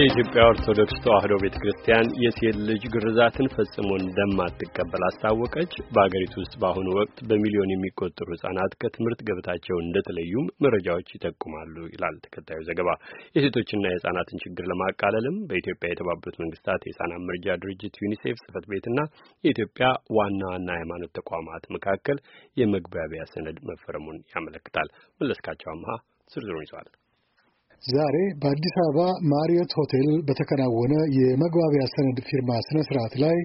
የኢትዮጵያ ኦርቶዶክስ ተዋሕዶ ቤተ ክርስቲያን የሴት ልጅ ግርዛትን ፈጽሞ እንደማትቀበል አስታወቀች። በአገሪቱ ውስጥ በአሁኑ ወቅት በሚሊዮን የሚቆጠሩ ህጻናት ከትምህርት ገበታቸው እንደተለዩም መረጃዎች ይጠቁማሉ ይላል ተከታዩ ዘገባ። የሴቶችና የህጻናትን ችግር ለማቃለልም በኢትዮጵያ የተባበሩት መንግስታት የህጻናት መርጃ ድርጅት ዩኒሴፍ ቤት ቤትና የኢትዮጵያ ዋና ዋና ሃይማኖት ተቋማት መካከል የመግባቢያ ሰነድ መፈረሙን ያመለክታል። መለስካቸው አምሃ ዝርዝሩን ይዟል። ዛሬ በአዲስ አበባ ማሪዮት ሆቴል በተከናወነ የመግባቢያ ሰነድ ፊርማ ስነ ስርዓት ላይ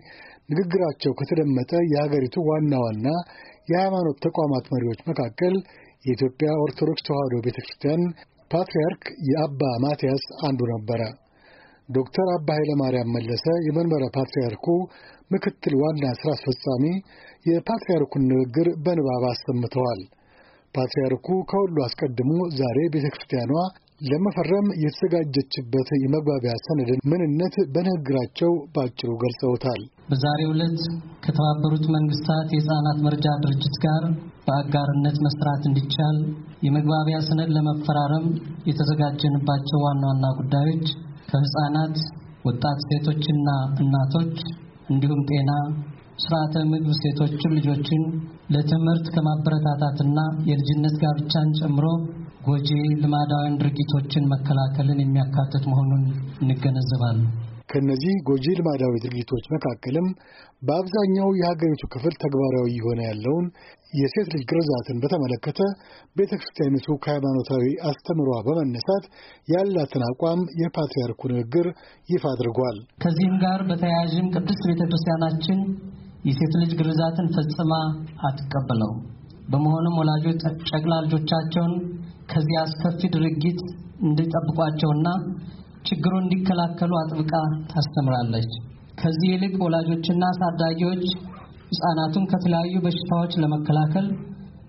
ንግግራቸው ከተደመጠ የሀገሪቱ ዋና ዋና የሃይማኖት ተቋማት መሪዎች መካከል የኢትዮጵያ ኦርቶዶክስ ተዋሕዶ ቤተ ክርስቲያን ፓትርያርክ የአባ ማትያስ አንዱ ነበረ። ዶክተር አባ ኃይለማርያም መለሰ የመንበረ ፓትርያርኩ ምክትል ዋና ሥራ አስፈጻሚ የፓትርያርኩን ንግግር በንባብ አሰምተዋል። ፓትርያርኩ ከሁሉ አስቀድሞ ዛሬ ቤተ ክርስቲያኗ ለመፈረም የተዘጋጀችበት የመግባቢያ ሰነድን ምንነት በንግግራቸው በአጭሩ ገልጸውታል። በዛሬው ዕለት ከተባበሩት መንግስታት የህፃናት መርጃ ድርጅት ጋር በአጋርነት መስራት እንዲቻል የመግባቢያ ሰነድ ለመፈራረም የተዘጋጀንባቸው ዋና ዋና ጉዳዮች ከህፃናት ወጣት ሴቶችና እናቶች እንዲሁም ጤና፣ ስርዓተ ምግብ ሴቶችም ልጆችን ለትምህርት ከማበረታታትና የልጅነት ጋብቻን ጨምሮ ጎጂ ልማዳውያን ድርጊቶችን መከላከልን የሚያካትት መሆኑን እንገነዘባለን። ከእነዚህ ጎጂ ልማዳዊ ድርጊቶች መካከልም በአብዛኛው የሀገሪቱ ክፍል ተግባራዊ የሆነ ያለውን የሴት ልጅ ግርዛትን በተመለከተ ቤተ ክርስቲያኒቱ ከሃይማኖታዊ አስተምሯ በመነሳት ያላትን አቋም የፓትርያርኩ ንግግር ይፋ አድርጓል። ከዚህም ጋር በተያያዥም ቅድስት ቤተ ክርስቲያናችን የሴት ልጅ ግርዛትን ፈጽማ አትቀበለው። በመሆኑም ወላጆች ጨቅላ ልጆቻቸውን ከዚህ አስከፊ ድርጊት እንዲጠብቋቸውና ችግሩን እንዲከላከሉ አጥብቃ ታስተምራለች። ከዚህ ይልቅ ወላጆችና አሳዳጊዎች ህጻናቱን ከተለያዩ በሽታዎች ለመከላከል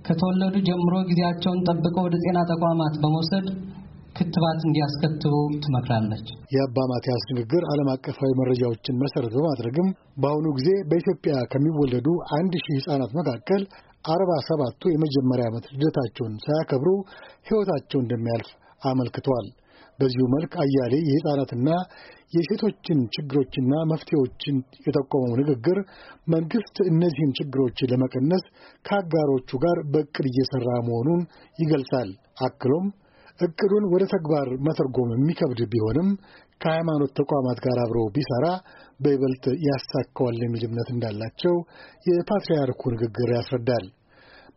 ከተወለዱ ጀምሮ ጊዜያቸውን ጠብቀው ወደ ጤና ተቋማት በመውሰድ ክትባት እንዲያስከትቡ ትመክራለች። የአባ ማቲያስ ንግግር ዓለም አቀፋዊ መረጃዎችን መሰረት በማድረግም በአሁኑ ጊዜ በኢትዮጵያ ከሚወለዱ አንድ ሺህ መካከል አርባ ሰባቱ የመጀመሪያ ዓመት ልደታቸውን ሳያከብሩ ሕይወታቸው እንደሚያልፍ አመልክቷል። በዚሁ መልክ አያሌ የሕፃናትና የሴቶችን ችግሮችና መፍትሄዎችን የጠቆመው ንግግር መንግሥት እነዚህን ችግሮች ለመቀነስ ከአጋሮቹ ጋር በቅል እየሠራ መሆኑን ይገልጻል። አክሎም እቅዱን ወደ ተግባር መተርጎም የሚከብድ ቢሆንም ከሃይማኖት ተቋማት ጋር አብሮ ቢሰራ በይበልጥ ያሳካዋል የሚል እምነት እንዳላቸው የፓትርያርኩ ንግግር ያስረዳል።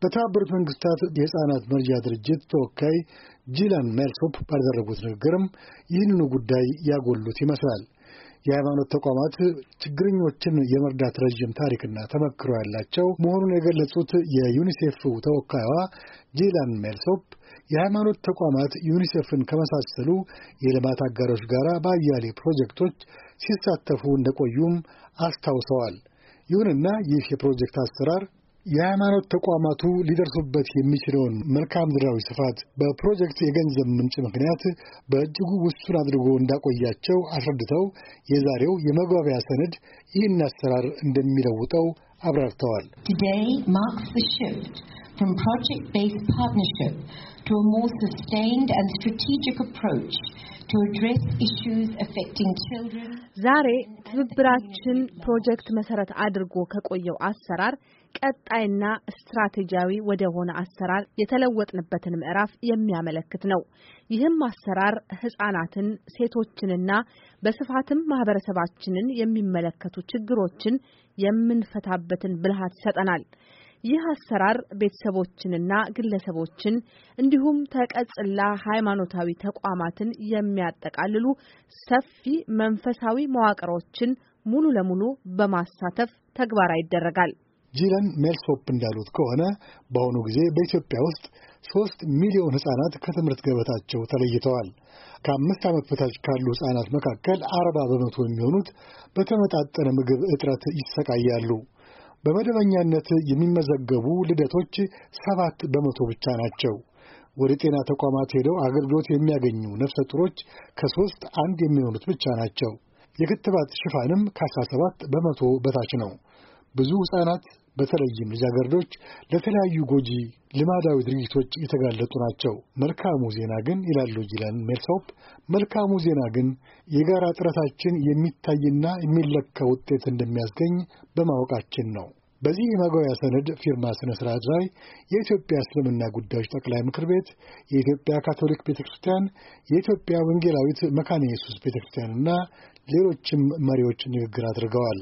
በተባበሩት መንግስታት የሕፃናት መርጃ ድርጅት ተወካይ ጂላን ሜልሶፕ ባደረጉት ንግግርም ይህንኑ ጉዳይ ያጎሉት ይመስላል። የሃይማኖት ተቋማት ችግረኞችን የመርዳት ረዥም ታሪክና ተመክሮ ያላቸው መሆኑን የገለጹት የዩኒሴፍ ተወካይዋ ጂላን ሜልሶፕ የሃይማኖት ተቋማት ዩኒሴፍን ከመሳሰሉ የልማት አጋሮች ጋር በአያሌ ፕሮጀክቶች ሲሳተፉ እንደቆዩም አስታውሰዋል። ይሁንና ይህ የፕሮጀክት አሰራር የሃይማኖት ተቋማቱ ሊደርሱበት የሚችለውን መልክዓ ምድራዊ ስፋት በፕሮጀክት የገንዘብ ምንጭ ምክንያት በእጅጉ ውሱን አድርጎ እንዳቆያቸው አስረድተው የዛሬው የመግባቢያ ሰነድ ይህን አሰራር እንደሚለውጠው አብራርተዋል። ዛሬ ትብብራችን ፕሮጀክት መሰረት አድርጎ ከቆየው አሰራር ቀጣይና ስትራቴጂያዊ ወደሆነ አሰራር የተለወጥንበትን ምዕራፍ የሚያመለክት ነው። ይህም አሰራር ህጻናትን፣ ሴቶችንና በስፋትም ማህበረሰባችንን የሚመለከቱ ችግሮችን የምንፈታበትን ብልሃት ይሰጠናል። ይህ አሰራር ቤተሰቦችንና ግለሰቦችን እንዲሁም ተቀጽላ ሃይማኖታዊ ተቋማትን የሚያጠቃልሉ ሰፊ መንፈሳዊ መዋቅሮችን ሙሉ ለሙሉ በማሳተፍ ተግባራዊ ይደረጋል። ጂለን ሜልሶፕ እንዳሉት ከሆነ በአሁኑ ጊዜ በኢትዮጵያ ውስጥ ሦስት ሚሊዮን ህጻናት ከትምህርት ገበታቸው ተለይተዋል። ከአምስት ዓመት በታች ካሉ ህጻናት መካከል አርባ በመቶ የሚሆኑት በተመጣጠነ ምግብ እጥረት ይሰቃያሉ። በመደበኛነት የሚመዘገቡ ልደቶች ሰባት በመቶ ብቻ ናቸው። ወደ ጤና ተቋማት ሄደው አገልግሎት የሚያገኙ ነፍሰ ጡሮች ከሶስት አንድ የሚሆኑት ብቻ ናቸው። የክትባት ሽፋንም ከ17 በመቶ በታች ነው። ብዙ ሕፃናት በተለይም ልጃገረዶች ለተለያዩ ጎጂ ልማዳዊ ድርጊቶች የተጋለጡ ናቸው። መልካሙ ዜና ግን ይላሉ ጂለን ሜልሶፕ፣ መልካሙ ዜና ግን የጋራ ጥረታችን የሚታይና የሚለካ ውጤት እንደሚያስገኝ በማወቃችን ነው። በዚህ የማጓያ ሰነድ ፊርማ ስነ ስርዓት ላይ የኢትዮጵያ እስልምና ጉዳዮች ጠቅላይ ምክር ቤት፣ የኢትዮጵያ ካቶሊክ ቤተ ክርስቲያን፣ የኢትዮጵያ ወንጌላዊት መካነ ኢየሱስ ቤተ ክርስቲያንና ሌሎችም መሪዎች ንግግር አድርገዋል።